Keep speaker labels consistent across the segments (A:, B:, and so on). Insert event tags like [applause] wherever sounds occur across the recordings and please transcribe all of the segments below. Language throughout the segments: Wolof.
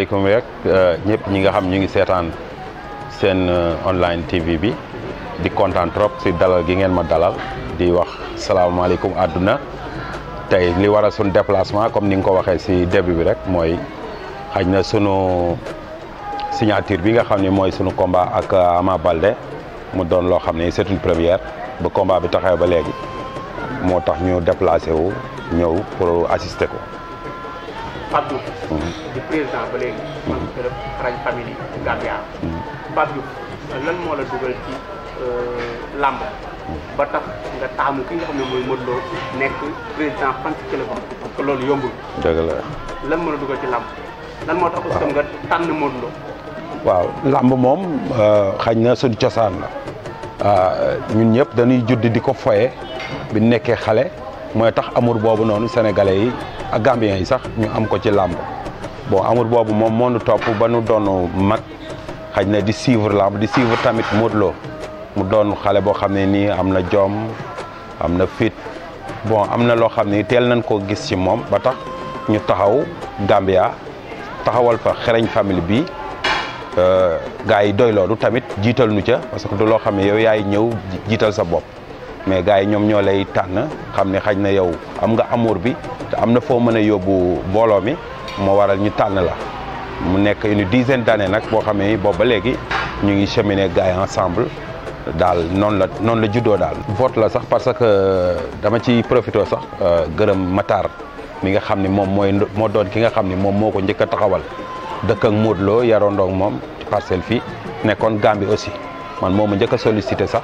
A: asalaamaaleykum rek euh, ñëpp ñi nga xam ñu ngi seetaan seen euh, online TV bi di kontaan trop si dalal gi ngeen ma dalal di wax salaamaaleykum àdduna tey li war a suñ déplacement comme ni nga ko waxee si début bi rek mooy xaj na sunu signature bi nga xam ni mooy sunu combat ak euh, Ama Balde mu doon loo xam ne c'est première ba combat bi taxawee ba léegi moo tax ñu déplacé wu ñëw pour assister ko. Pape Diouf mm-hmm.
B: di président ba léegi man mm-hmm. club Xarañ famille Gambia Pape mm-hmm. lan moo la dugal ci euh, làmb ba tax nga taamu ki nga xam ne mooy Modou Lo nekk président fan ci club parce loolu yombul dëgg la lan moo la dugal ci làmb lan moo tax aussi nga tànn Modou
A: waaw làmb moom euh, xañ na suñu cosaan la euh, ñun ñëpp dañuy judd di ko foye bi nekkee xale mooy tax amour boobu noonu sénégalais yi a gambien yi sax ñu am ko ci làmb bon amour boobu moom moo nu topp ba nu doon mag xaj na di suivre làmb di suivre tamit Modou mu doon xale boo xam ne nii am na jom am na fit bon am na loo xam ne teel nañ koo gis ci moom ba tax ñu taxaw Gambia taxawal fa xereñ famille bi euh, gars yi doy loolu tamit jiital nu ca parce que du loo xam ne yow yaay ñëw jiital sa bopp mais gars yi ñoom ñoo lay tànn xam ne xaj na yow am nga amour bi te am na foo mën a yóbbu mbooloo mi moo waral ñu tànn la mu nekk une dizaine d'années nag boo xamee ne boobu ba léegi ñu ngi cheminer gars yi ensemble daal noonu la noonu la juddoo daal. vote la sax parce que euh, dama ci profité sax euh, gërëm Matar mi nga xam ne moom mooy moo doon ki nga xam ni moom moo ko njëkk a taxawal dëkk ak Modou Lo yaroo ndoog moom ci parcelle fii nekkoon Gambie aussi man moom mu njëkk a sax.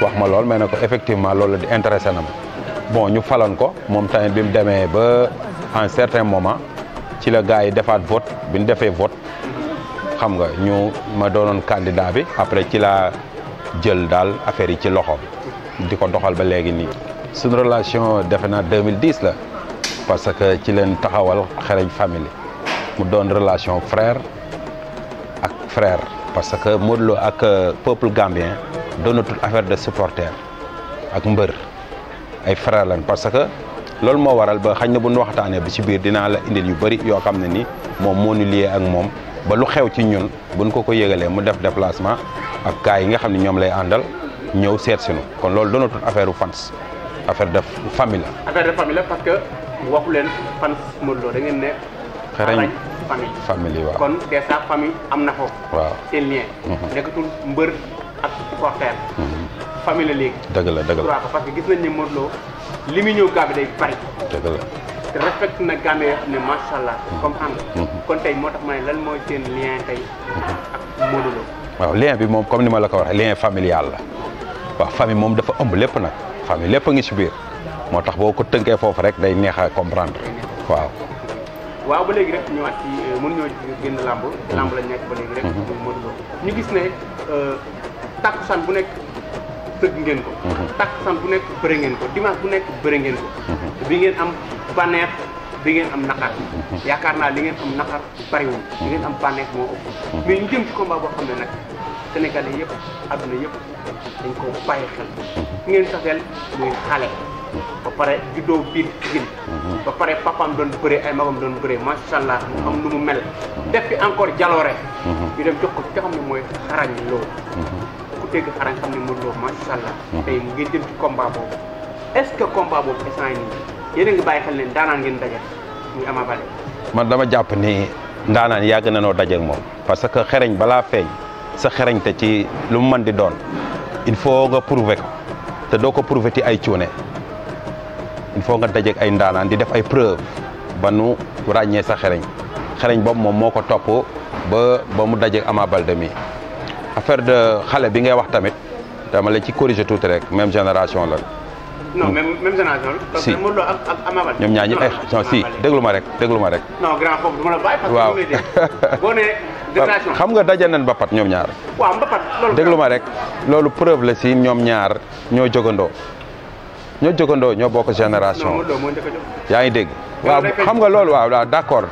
A: wax ma lool mais ne ko effectivement loolu di intéressé na ma bon ñu faloon ko moom tamit bi mu demee ba en certain moment ci la gars yi defaat vote bi ñu defee vote xam nga ñu ma doonoon candidat bi après ci la jël daal affaire yi ci loxo di ko doxal ba léegi nii suñu relation defe naa 2010 la parce que ci leen taxawal Xaragne Family mu doon relation frère ak frère parce que Modou Lo ak euh, peuple gambien doonatul affaire de supporter ak mbër ay frère parce que loolu moo waral ba xañ na bu ñu waxtaanee ba ci biir dinaa la indil yu bëri yoo xam ne ni moom moo ñu lié ak moom ba lu xew ci ñun buñ ko ko yëgalee mu def déplacement ak gars yi nga xam ne ñoom lay àndal ñëw seet si ñu kon loolu doonatul affaire u fans affaire de famille la. kon
B: des fois am na foofu. waaw seen lien. Mm-hmm. nekkatul mbër. ak supporter famille la léegi
A: dëgg la dëgg la
B: parce que gis nañ ne Modou Lo li muy ñëw Gambie day bari dëgg la te respecté na Gambie yoo xam ne macha allah mm-hmm. comprendre mm-hmm. kon tey moo tax ma ne lan mooy seen lien tey mm-hmm. ak Modou Lo
A: waaw lien bi moom comme ni ma la ko waxee lien familial la waaw famille moom dafa ëmb lépp nag famille lépp a ngi si biir moo tax boo ko tënkee foofu rek day neex a comprendre waaw
B: waaw ba léegi rek ñëwaat ci euh, mën ñoo génn làmb làmb lañ nekk ba léegi rek Modou Lo ñu gis ne euh, takkusaan bu nekk tëgg ngeen ko. Mhm. takkusaan bu nekk bëre ngeen ko dimanche bu nekk bëre ngeen ko. Mhm. bii ngeen am bànneex bi ngeen am naqar. Mhm. yaakaar naa li ngeen am naqar bariwul. li ngeen am bànneex moo ëpp. mais ñu jëm ci combat boo xam ne nag sénégalais yëpp adduna yëpp dañ ko bàyyi xel. ki ngeen taseel muy xale. ba pare juddoo biir Pikine ba pare papaam doon bëree ay magam doon bëree macha allah mu am lu mu mel. def fi encore jaloore. ñu dem jox ko ki ne mooy xarañ loolu. dégg xarañ xam mm-hmm. ce que combat boobu instant
A: dama jàpp ni ndaanaan yàgg na noo dajeeg moom parce que xereñ balaa feeñ sa xereñ te ci lu mu mën di doon il faut nga prouver te doo ko prouver ci ay cuune il faut nga dajeeg ay ndaanaan di def ay preuve ba nu ràññee sa xereñ xereñ boobu moom moo ko topp ba ba mu dajeeg Ama Baldé affaire de xale bi ngay wax tamit dama la ci corriger tuuti rek même génération la.
B: non ñoom ñaar ñi eh, ay si
A: déglu ma rek déglu ma rek. non [laughs] xam nga daje nañ mbapat ñoom ñaar. waaw déglu ma rek loolu preuve la si ñoom ñaar ñoo jogandoo ñoo jogandoo ñoo bokk génération. yaa ngi dégg. waaw xam nga loolu waaw waaw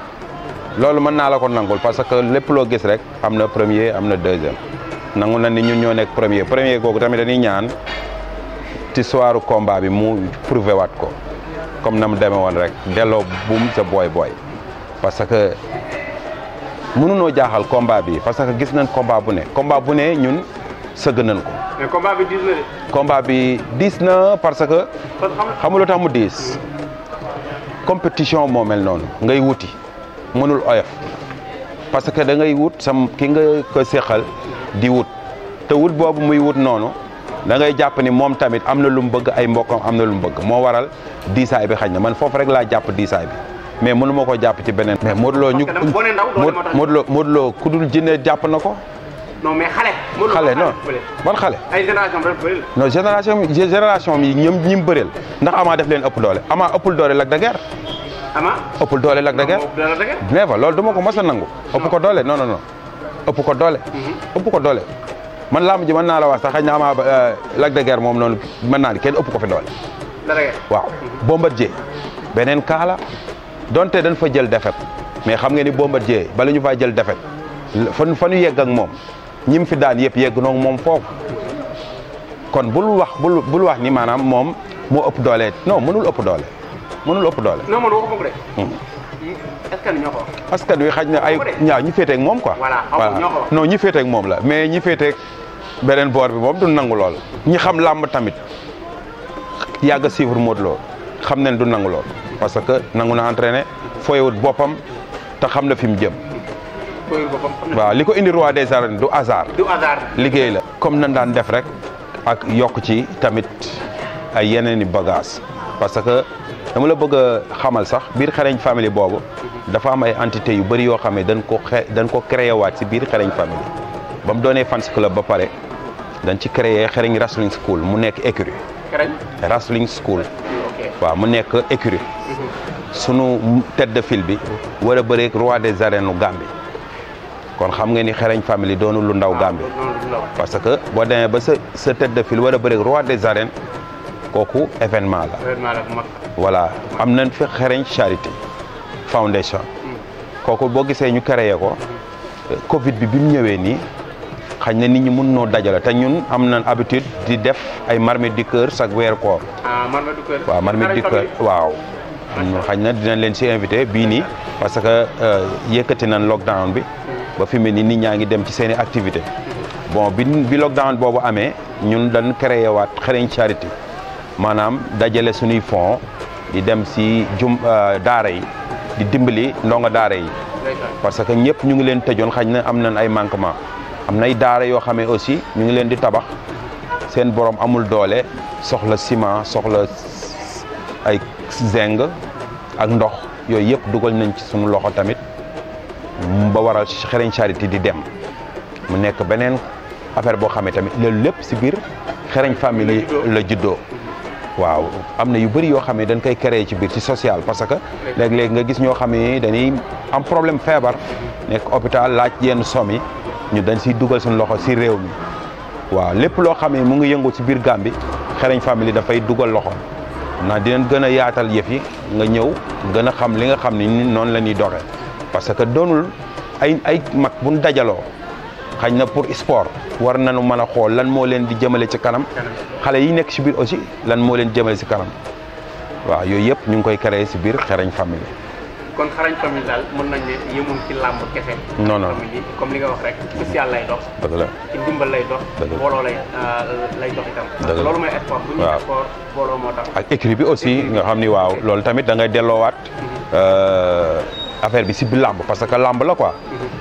A: loolu mën naa la ko nangul parce que lépp loo gis rek am na premier am na deuxième. nangu na ni ñun ñoo nekk premier premier googu tamit dañuy ñaan ci soiru combat bi mu prouvé waat ko comme na mu demee woon rek delloo buum sa booy booy parce que mënunoo jaaxal combat bi parce que gis nañ combat bu ne combat bu ne ñun sëgg nañ ko. mais bi diis na parce que. xamul lu mu diis. compétition moo noonu ngay wuti mënul oyof parce que da ngay wut sam ki nga ko seqal. di wut te wut boobu muy wut noonu da ngay jàpp ni moom tamit am na lu mu bëgg ay mbokkam am na lu mu bëgg moo waral diisaay bi xañ na man foofu rek laa jàpp diisaay bi mais mënu ma koo jàpp ci beneen. mais Modou Lo ñu Modou Lo Modou Lo ku dul jinne jàpp na ko.
B: non mais xale. xale non ban xale. ay génération
A: non génération génération yi ñoom ñi mu bëreel ndax Ama def leen ëpp doole Ama ëppul doole Lac de Guiers. Ama ëppul doole Lac de Guiers. mais fa loolu du ma ko mos a nangu. ëpp ko doole non non non. ëpp ko doole. Mhm. ëpp ko doole man làmb ji mën naa la wax sax a na Ama euh, Lac de Guiers moom noonu mën naa ne kenn ëpp ko fi doole. waaw mhm. Bombardier beneen kaala donte dañ fa jël defet mais xam nga ni Bombardier bala ñu faa jël defet fan fa ñu yegg ak moom ñim fi daan yëpp yegg noonu moom foofu kon bul wax bul bul wax ni maanaam moom moo ëpp doole non mënul ëpp doole mënul ëpp doole.
B: non askan
A: wi xaj na ay ñaaw ñi féeteeg moom quoi voilà non ñi féeteeg moom la mais ñi féeteeg beneen boor bi moom du nangu lool ñi xam làmb tamit yàgg a suivre Modou Lo xam na du nangu lool parce que nangu na entraîné fooyewut boppam te xam na fi mu jëm waaw li ko indi roi des arènes du hasard liggéey la comme nan daan def rek ak yokk ci tamit ay yeneen i bagage parce que dama la bëgg a xamal sax biir xereñ famille boobu dafa am ay entité yu bëri yoo xam ne dañ ko xe dañ ko créé waat si biir xereñ famille ba mu doonee fans club ba pare dañ ci créé xereñ wrestling school mu nekk écurie. xereñ wrestling school. waaw mu nekk écurie. Mhm. sunu tête de file bi. war a des arènes u Gambie kon xam nga ni xereñ famille doonu lu ndaw ah, Gambie. que boo demee ba sa sa tête de file war a des arènes kooku événement la. événement voilà am nañ fi xereñ charité. Foundation kooku boo gisee ñu créer ko Covid bi bi ñëwee nii xañ na nit ñu mun noo dajale te ñun am nañ habitude di def ay marmite du cœur chaque weeru ah,
B: waaw marmite du cœur
A: waaw. xañ na dinañ leen si invité bii nii parce que euh, yëkkati nañ lockdown bi. ba fi mu ne nii nit ñaa ngi dem ci seen i activité bon bi bi lockdown boobu amee ñun dañ créé waat xereñ charité maanaam dajale suñuy fonds di dem si jum euh, daara yi. di dimbali ndongo daare yi parce que ñëpp ñu ngi leen tëjoon xañ na am nañ ay manquement am nay daare yoo xamee aussi ñu ngi leen di tabax seen borom amul doole soxla ciment soxla ay zinc ak ndox yooyu yëpp dugal nañ ci suñu loxo tamit ba waral Xereñ Charité di dem mu nekk beneen affaire boo xamee tamit loolu lépp si biir Xereñ famille la juddoo waaw am na yu bëri yoo xam ne dañ koy créer ci biir si social parce que léeg-léeg nga gis ñoo xam ne dañuy am problème feebar nekk hôpital laaj yenn somm yi ñu dañ siy dugal seen loxo si réew mi waaw lépp loo xam ne mu ngi yëngu ci biir Gàmbi Xereñ Family dafay dugal loxo na dinañ gën a yaatal yëf yi nga ñëw gën a xam li nga xam ni noonu la ñuy doxee parce que doonul ay ay mag buñ dajaloo xañ na pour sport war nañu mën a xool lan moo leen di jëmale ci kanam xale yi nekk si biir aussi lan moo leen jëmale si kanam waaw yooyu yëpp ñu ngi koy créé si biir xarañ famille
B: kon xarañ famille daal mën nañ ne yëmul ci làmb kese non comme li nga wax rek lay dox dëgg la ci ndimbal lay dox booloo lay euh, lay dox itam loolu mooy ak
A: écrit bi aussi nga xam ni waaw loolu tamit da ngay waat affaire bi si bi làmb parce que làmb la ko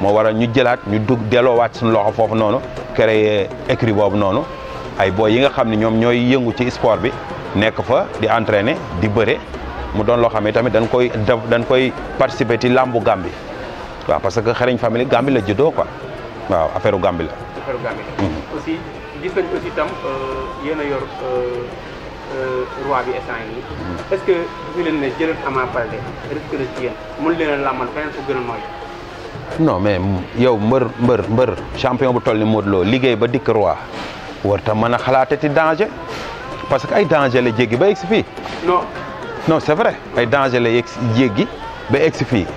A: moo wara ñu jëlaat ñu dugg delloowaat suñu loxo foofu noonu créer écrit boobu noonu ay boy yi nga xam ne ñoom ñooy yëngu ci sport bi nekk fa di entraîner di bëre mu doon loo xam ne tamit dañ koy dañ koy participer ci làmbu gàmbi waa parce que xariñ famille gàmbi la juddoo ko waaw affaire Gambie la.
B: la. Mhm. Euh, yéen a euh, Euh, roi bi instant yi est ce que ñu leen ne Ama Baldé risque na ci yéen mun leen làmmal feneen fu gën a
A: nooy mais yow mbër mbër mbër champion bu toll ni Modou liggéey ba dikk roi war ta mën a ti danger parce que ay danger la jéggi ba egsi fii non non c'est vrai ay danger la yegg jéggi ba egsi fii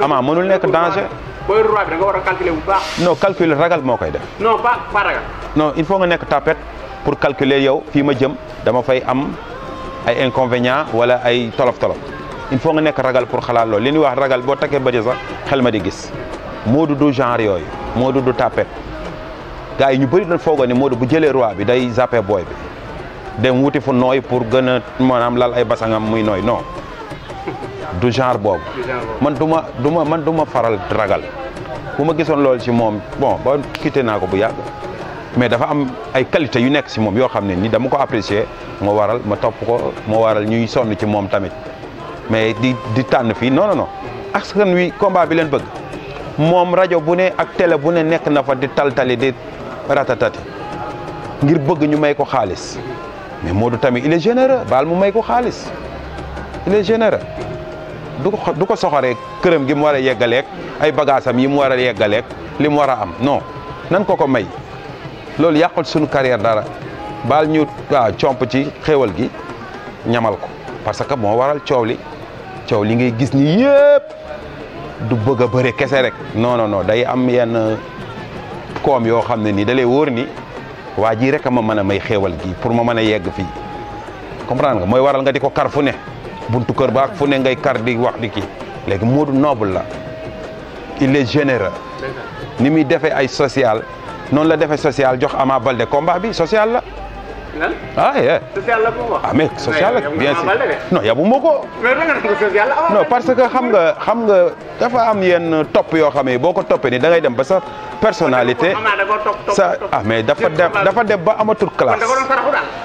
A: Ama mënul nekk danger
B: booy roi a calculer bu baax
A: non ragal moo koy def non il faut nga nekk tapette pour calculer yow fii ma jëm dama fay am ay inconvénients wala ay tolof-tolof il faut nga nekk ragal pour xalaat li ñuy wax ragal boo takkee bëri sax xel ma di gis Modou du genre yooyu Modou du tapet gars yi ñu bëri dañ foogoo ne Modou bu jëlee roi bi day zappé booy bi dem wuti fu nooy pour gën a maanaam lal ay basangam muy nooy non du genre boobu man du ma du ma man du ma faral ragal bu ma gisoon loolu ci moom bon ba quitté naa ko bu yàgg mais dafa am ay qualité yu nekk si moom yoo xam ne nii dama ko apprécier moo waral ma topp ko moo waral ñuy sonn ci moom tamit mais di di tànn fii non non non askan wi combat bi leen bëgg moom rajo bu ne ak télé bu ne nekk na fa di taltali di ratatati ngir bëgg ñu may ko xaalis mais Modou tamit il est généreux baal mu may ko xaalis il est généreux du ko du ko soxoree këram gi mu war a yeggaleeg ay bagaasam yi mu war a yeggaleeg li mu war a am non nan ko ko may. loolu yàqul suñu carrière dara baal ñu waaw ah, comp ci xéewal gi ñamal ko parce que moo waral coow li coow li ngay gis ni bëgg a bëre kese rek non non day am yenn koom yoo xam ne nii da lay wóor ni waa jii rek a ma mën a may xéewal gi pour ma mën a yegg fii comprendre nga mooy waral nga di ko kar fu ne buntu kër baak fu ne ngay kar di wax di kii léegi Modou noble la il est généreux ni muy defee ay social noonu la defee social jox Ama Baldé combat bi social la. lan. ah, ah eh.
B: la ko wax. ah mais social la bien sûr non yabu ma ko. mais
A: parce que xam nga xam nga dafa am yenn topp yoo xam ne boo ko toppee ni dangay dem ba sa personnalité. sa ah dafa dem ba amatul classe.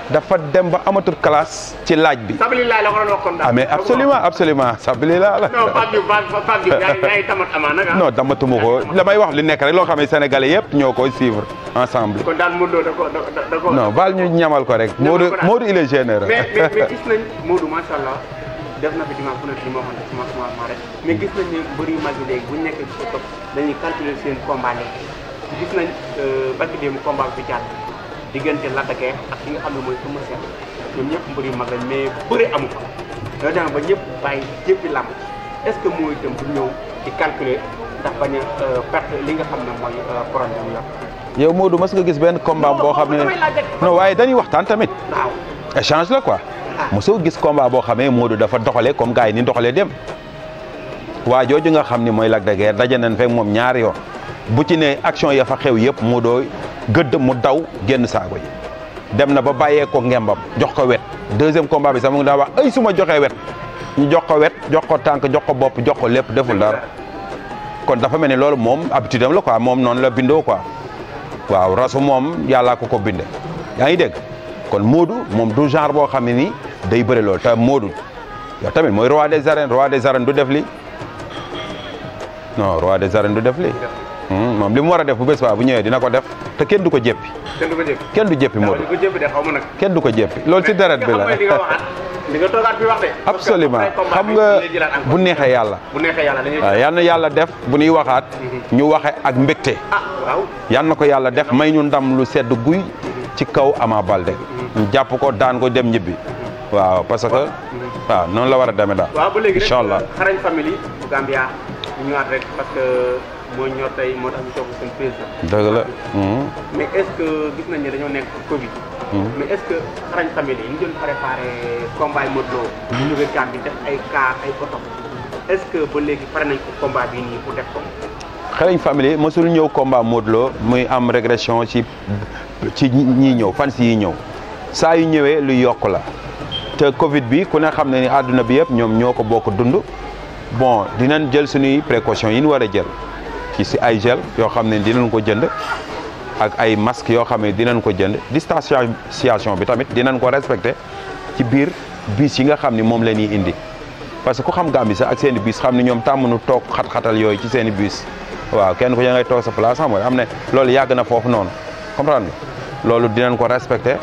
A: dafa dem ba amatul classe ci laaj bi. sabilillah
B: la ko doon wax kon daal. ah absolument
A: absolument sabilillah la. non Pape Diouf
B: Pape Diouf yaa ngi
A: tamat ko damay wax li nekk rek loo xam ne sénégalais yëpp ñoo koy suivre ensemble. kon
B: ko
A: baal ñu ñamal. ko rek. moo ko rek Modou Modou il est généreux. mais mais [laughs] gis
B: nañ Modou macha allah def na fi dimanche bu nekk li ma waxoon ci mais gis nañ ne mbër yu mag yi léegi bu ñu nekkee ci dañuy calculer seen combat léegi gis nañ euh, barki démb combat bi jàll diggante Ladage ak ki nga xam ne mooy sama seet ñoom ñëpp mbër yu mag lañ mais bëri amu ko loolu daanaka ba ñëpp bàyyi jëppi làmb est-ce que moo itam bu ñëw di calculer ndax bañ a euh, perte li nga xam ne mooy euh, problème yu
A: yow Modou mas nga gis benn kombam boo xam ne non waaye dañuy waxtaan tamit échange la quoi ah. mosoo gis combat boo xamee Modou dafa doxalee comme gars yi ni doxalee dem waa jooju nga xam ni mooy Lac de Guiers daje nañ fekk moom ñaari yoon bu ci ne action ya fa xew yëpp mu doo gëdd mu daw génn saago yi dem na ba bàyyee ko ngembam jox ko wet deuxième combat bi sax mu ngi daa wax ay su ma joxee wet ñu jox ko wet jox ko tànk jox ko bopp jox ko lépp deful dara kon dafa mel ni loolu moom habitude am la quoi moom noonu la bindoo quoi waaw rasu moom yàllaa ko ko binde yaa ngi dégg kon Modou moom du genre boo xam ne nii day bëri ta te Modou yow tamit mooy roi de arènes roi des arènes du def li non roi des arènes du def li Hmm, moom li mu war a def bu bés waa bu ñëwee dina ko def te kenn du ko jéppi.
B: kenn du ko jéppi kenn du jéppi Modou.
A: kenn du ko jéppi loolu ci deret bi la. li nga toogaat bi absolument xam nga bu neexee yàlla. bu neexee yàlla dañuy waaw yal yàlla def bu ñuy waxaat. Mhm. ñu waxe ak mbégte. ah waaw na ko yàlla def may ñu ndam lu sedd guy. Mhm. ci kaw amaa Baldé. Mhm. ñu jàpp ko daan ko dem ñibbi. waaw parce que. noonu la war a demee daal. incha
B: moo ñor tey moo tax ñu toog seen président. dëgg hmm. dañoo nekk Covid. Hmm. mais est-ce que xarañ tamit yi ñu doon préparé combat Modou Lo. ñu jógee Gambie def ay cas ay photo est ba léegi pare nañ ko combat bii nii pour def ko.
A: xarañ famille mosul ñëw combat Modou Lo muy am régression ci ñi ñëw fans yi ñëw saa yu ñëwee lu yokk la te Covid bi ku ne xam ne ni àdduna bi yëpp ñoom ñoo ko bokk dund bon dinañ jël suñuy précaution yi ñu war a jël. ci si ay gel yoo xam ne dinañ ko jënd ak ay masques yoo xam ne dinañ ko jënd distanciation bi tamit dinañ ko respecté ci biir bis yi nga xam ni moom leen ñuy indi parce que ku xam Gàmbi sax ak seen i bis xam ne ñoom tàmm nu toog xat-xatal yooyu ci seen i bis waaw kenn ku ya ngay toog sa place xam nga am ne loolu yàgg na foofu noonu comprendre nga loolu dinañ ko respecté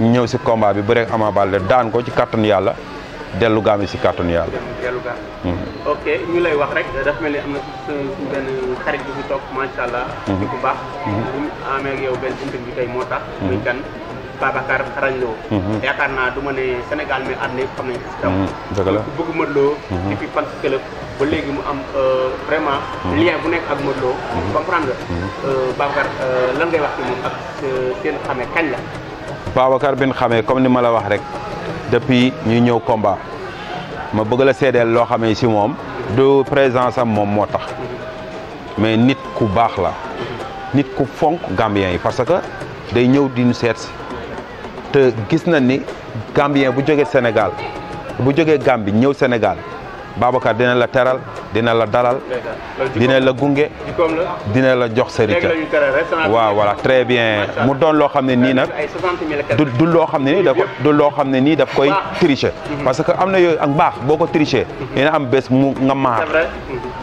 A: ñëw si combat bi bëre Ama Baldé daan ko ci kattan yàlla dellu gaam yi si kàttanu yàlla. dellu mm-hmm.
B: ok ñu lay wax rek dafa mel ni am na suñu benn xarit bu fi toog macha allah. di mm-hmm. ko baax. bu mm-hmm. moo tax. muy gan Babacar Xarañ naa du ma ne Sénégal mais àdduna yëpp xam ba léegi mu am euh, vraiment. lien bu nekk ak Modou Lo. comprendre nga. Euh, euh, lan ngay wax ci moom ak seen xamee kañ la.
A: Babacar bi ñu comme ni ma la wax rek. depuis ñuy ñëw combat ma bëgg la seedeel loo xamee si moom du présence sam moom moo tax mais nit ku baax la nit ku fonk gambien yi parce que day ñëw dinu ñu seet si te gis na ni gambien bu jógee Sénégal bu jógee Gambie ñëw Sénégal Babacar dina la teral dina la dalal dina la gunge dina la jox sa waaw voilà très bien mu doon loo xam ne nii nag du du loo xam ne nii da du loo xam ne nii daf koy tricher mhm. parce que am na yooyu ak mbaax boo ko tricher mhm. dina am bés mu nga maar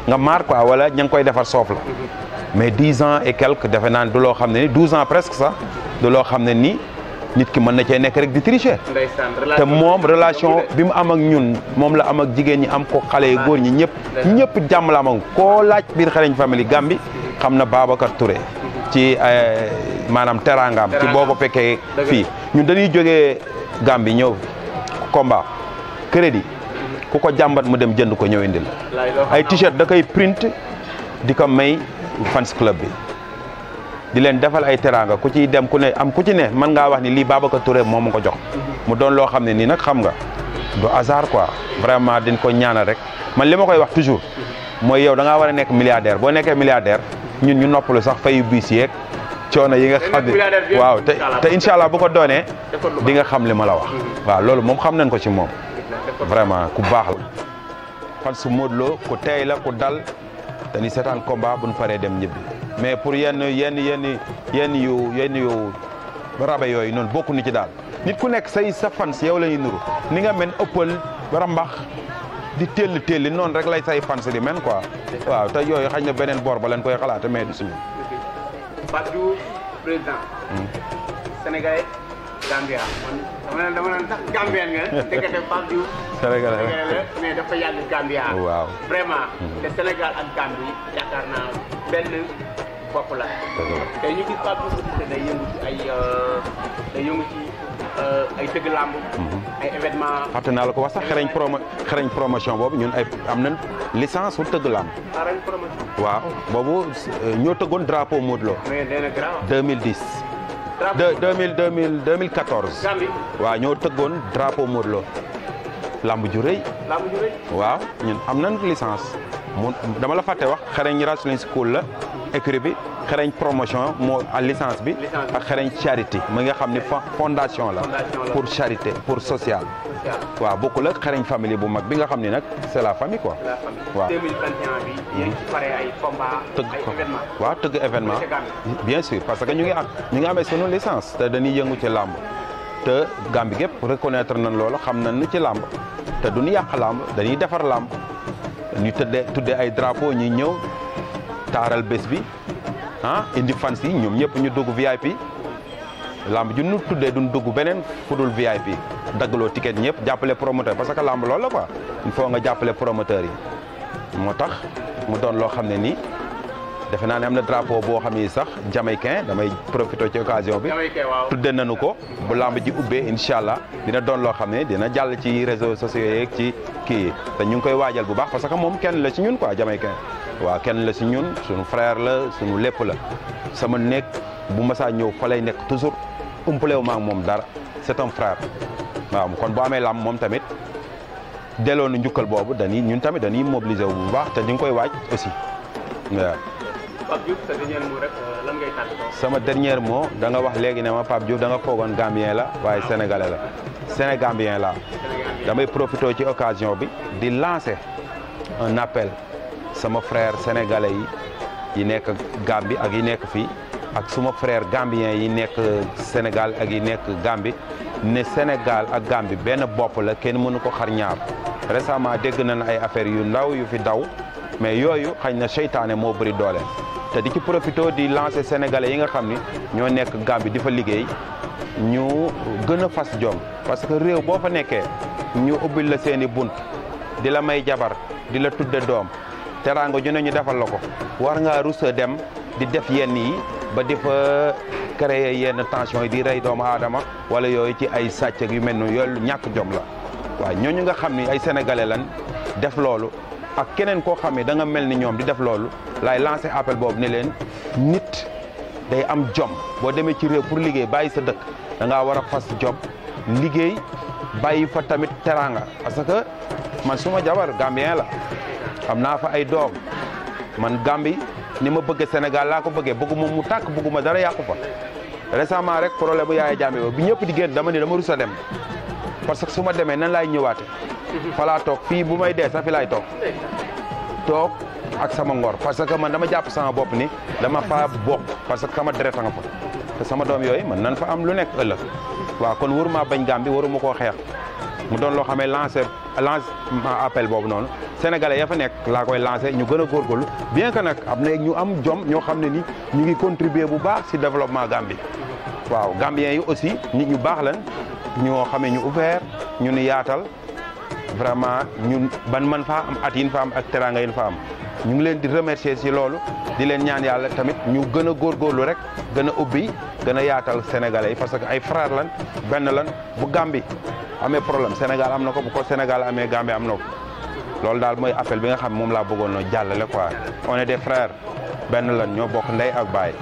A: nga maar quoi wala ña ngi koy defar soof la mhm. mais dix ans et quelques defe naa du loo xam ne nii douze presque sax du loo xam ne nii nit ki mën na cee nekk rek di tricher te moom relation bi mu am ak ñun moom la am ak jigéen ñi am ko xale yu góor ñi ñëpp ñëpp jàmm la am ak koo laaj biir xarañ famille Gambie xam na Babacar Touré ci eh, maanaam teraangaam ci boo ko fekkee fii ñun dañuy jógee Gambie ñëw combat crédit ku ko jàmbat mu dem jënd ko ñëw indil ay t-shirt da print di ko may fans club bi di leen defal ay teraanga ku ciy dem ku ne am ku ci ne mën ngaa wax ni lii baaba ko moo ma ko jox mu doon loo xam ne nii nag xam nga du hasard quoi vraiment dañ ko ñaanal rek man li ma koy wax toujours mooy yow da war a nekk milliardaire boo nekkee milliardaire ñun ñu noppalu sax fayu bis yeeg coono yi nga xam waaw te te incha allah bu ko doonee di nga xam li ma la wax waaw loolu moom xam nañ ko ci moom vraiment ku baax la fan su Modou Lo ku teey la ku dal dañuy seetaan bu buñ paree dem ñibbi mais pour yenn yenn yenn yenn yu yenn yu rabe yooyu noonu bokku ni ci daal nit ku nekk say sa fans yow la ñuy nuru ni nga men ëppal rambax di telli telli noonu rek lay say fans di men quoi waaw te yooyu xañ na beneen bor ba leen koy xalaate mais du suñu
B: Badou président sénégalais Gambia man dama naan sax Gambien nga [laughs] ndekete Pape Diouf Sénégal mais dafa yàgg Gambia waaw vraiment hmm. te Sénégal ak Gambie yaakaar naa benn bopp la. tey ñu gis ay day yëngu ci ay euh, euh, tëgg mhm.
A: la ko wax sax xereñ promo xereñ promotion boobu ñun ay am nañ licence pour tëgg làmb. Ah, waaw boobu euh, ñoo tëggoon drapeau Modou Lo. mais nee na grand. 2010. drapeau 2000 2000 2014. Gambie waaw ñoo tëggoon drapeau Modou Lo. làmb waaw ñun am nañ licence. mu dama la fàtte wax xereñ Rasoulin School la écurie bi xereñ promotion moo à licence bi ak xereñ charité mi nga xam ni fondation la pour charité pour social waaw bokku la xereñ famille bu mag bi nga xam ni nag c'est la famille quoi waaw
B: tëgg ko waaw tëgg événement
A: bien sûr parce que ñu ngi am ñu ngi amee sunu licence te dañuy yëngu ci làmb te Gambie gépp reconnaître na loolu xam na nu ci làmb te duñu yàq làmb dañuy defar làmb ñu tëddee tuddee ay drapo ñuy ñëw taaral bés bi ah indi fans yi ñoom ñëpp ñu dugg VIP lamb ju ñu tuddee duñ dugg beneen fudul VIP daggaloo ticket ñëpp jàppale promoteur parce que lamb loolu la quoi il faut nga jàppale promoteur yi moo tax mu doon loo xam ne nii defe naa ne am na drapeau boo xam ni sax jamaïcain damay profité ci occasion bi tudde nañu ko bu lamb ji ubbee incha allah dina doon loo xam ne dina jàll ci réseaux sociaux yeeg ci kii yi te ñu ngi koy waajal bu baax parce que moom kenn la ci ñun quoi jamaïcain waaw kenn la si ñun sunu frère la suñu lépp la sama nekk bu masaa ñëw fa nekk toujours umpalewu ma ak moom dara c'est un frère waaw kon boo amee lamb moom tamit delloo nu njukkal boobu dañuy ñun tamit dañuy mobiliser wu baax te ñu ngi koy waaj aussi
B: Euh,
A: sama dernier mot da nga wax léegi ne ma Pape Diouf da nga foogoon Gambien la waaye Sénégalais la Sénégambien la damay profité ci occasion bi di lancer un appel sama frère sénégalais yi yi nekk Gambie ak yi nekk fii ak suma frère Gambien yi nekk Sénégal ak yi nekk Gambie ne Sénégal ak Gambie benn bopp la kenn mënu ko xar ñaar récemment dégg nañ ay affaires yu ndaw yu fi daw mais yooyu xañ na seytaane moo bëri doole te di ci profito di lancer sénégalais yi nga xam ni ñoo nekk Gambie di fa liggéey ñu gën a fas jom parce que réew boo fa nekkee ñu ubbil la seeni bunt di la may jabar di la tudde doom teraanga ju ne ñu defal la ko war ngaa rusa dem di def yenn yi ba di fa créer yenn tension yi di rey doomu aadama wala yooyu ci ay sàcc yu mel ni yooyu ñàkk jom la waaw ñooñu nga xam ni ay sénégalais lan def loolu ak keneen koo xam ne da mel ni ñoom di def loolu laay lancé appel boobu ne leen nit day am jom boo demee ci réew pour liggéey bàyyi sa dëkk danga war a fas job liggéey bàyyi fa tamit teraanga parce que man suma jabar gambien la xam naa fa ay doom man gambi ni ma bëgg Sénégal laa ko bëggee bëgguma mu tàkk bëgguma dara yàqu fa ma rek problème bu yaaya jàmbe ba bi ñëpp di dama ni dama rus a dem parce que su ma demee nan laay ñëwaate falaa toog fii bu may dee sax fi laay toog toog ak sama ngor parce que man dama jàpp sama bopp ni dama faa bokk parce que sama deret a nga fa sama doom yooyu man nan fa am lu nekk ëllëg waaw kon waruma bañ Gàmbi waruma ko xeex mu doon loo xamee lance lancé appel boobu noonu sénégalais ya fa nekk laa koy lancé ñu gën a góorgóorlu bien que nag am na ñu am jom ñoo xam ne nii ñu ngi contribuer bu baax si développement Gambie waaw Gambiens aussi nit ñu baax lañ ñoo xamee ñu ouvert ñu nu yaatal vraiment ñun ban man faa am at yin fa ak teranga yin fa am ñu ngi leen di remercier ci loolu di leen ñaan yàlla tamit ñu gën a góorgóorlu rek gën ubbi gën yaatal sénégalais yi parce que ay frère lan benn lan bu Gambie amee problème Sénégal am na ko bu ko Sénégal amee Gambie am na ko loolu daal mooy appel bi nga xam moom laa bëggoon noo jàllale quoi on est des frères benn lan ñoo bokk ndey ak baay.